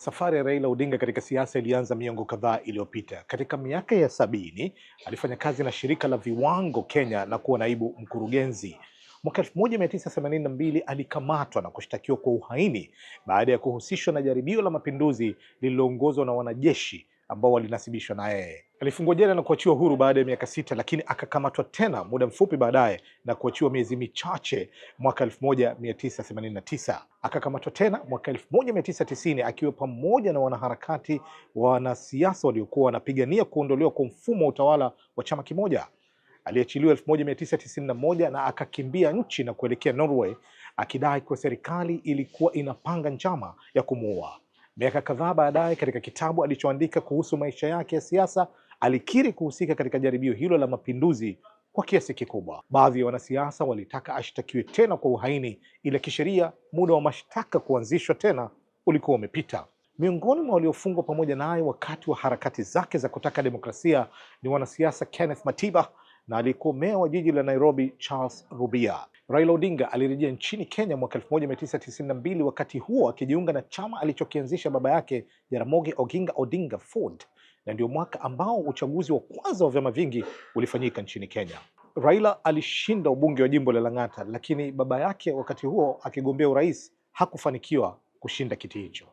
Safari ya Raila Odinga katika siasa ilianza miongo kadhaa iliyopita. Katika miaka ya sabini alifanya kazi na shirika la viwango Kenya na kuwa naibu mkurugenzi. Mwaka 1982 alikamatwa na kushtakiwa kwa uhaini baada ya kuhusishwa na jaribio la mapinduzi lililoongozwa na wanajeshi ambao walinasibishwa na yeye. Alifungwa jela na kuachiwa huru baada ya miaka sita, lakini akakamatwa tena muda mfupi baadaye na kuachiwa miezi michache mwaka 1989. Akakamatwa tena mwaka 1990 akiwa pamoja na wanaharakati wa wanasiasa waliokuwa wanapigania kuondolewa kwa mfumo wa utawala wa chama kimoja. Aliachiliwa 1991 na akakimbia nchi na kuelekea Norway akidai kuwa serikali ilikuwa inapanga njama ya kumuua. Miaka kadhaa baadaye, katika kitabu alichoandika kuhusu maisha yake ya siasa, alikiri kuhusika katika jaribio hilo la mapinduzi kwa kiasi kikubwa. Baadhi ya wanasiasa walitaka ashtakiwe tena kwa uhaini, ila kisheria muda wa mashtaka kuanzishwa tena ulikuwa umepita. Miongoni mwa waliofungwa pamoja naye wakati wa harakati zake za kutaka demokrasia ni wanasiasa Kenneth Matiba na alikuwa meya wa jiji la Nairobi Charles Rubia. Raila Odinga alirejea nchini Kenya mwaka 1992 wakati huo akijiunga na chama alichokianzisha baba yake Jaramogi Oginga Odinga Ford, na ndio mwaka ambao uchaguzi wa kwanza wa vyama vingi ulifanyika nchini Kenya. Raila alishinda ubunge wa jimbo la Lang'ata, lakini baba yake wakati huo akigombea urais hakufanikiwa kushinda kiti hicho.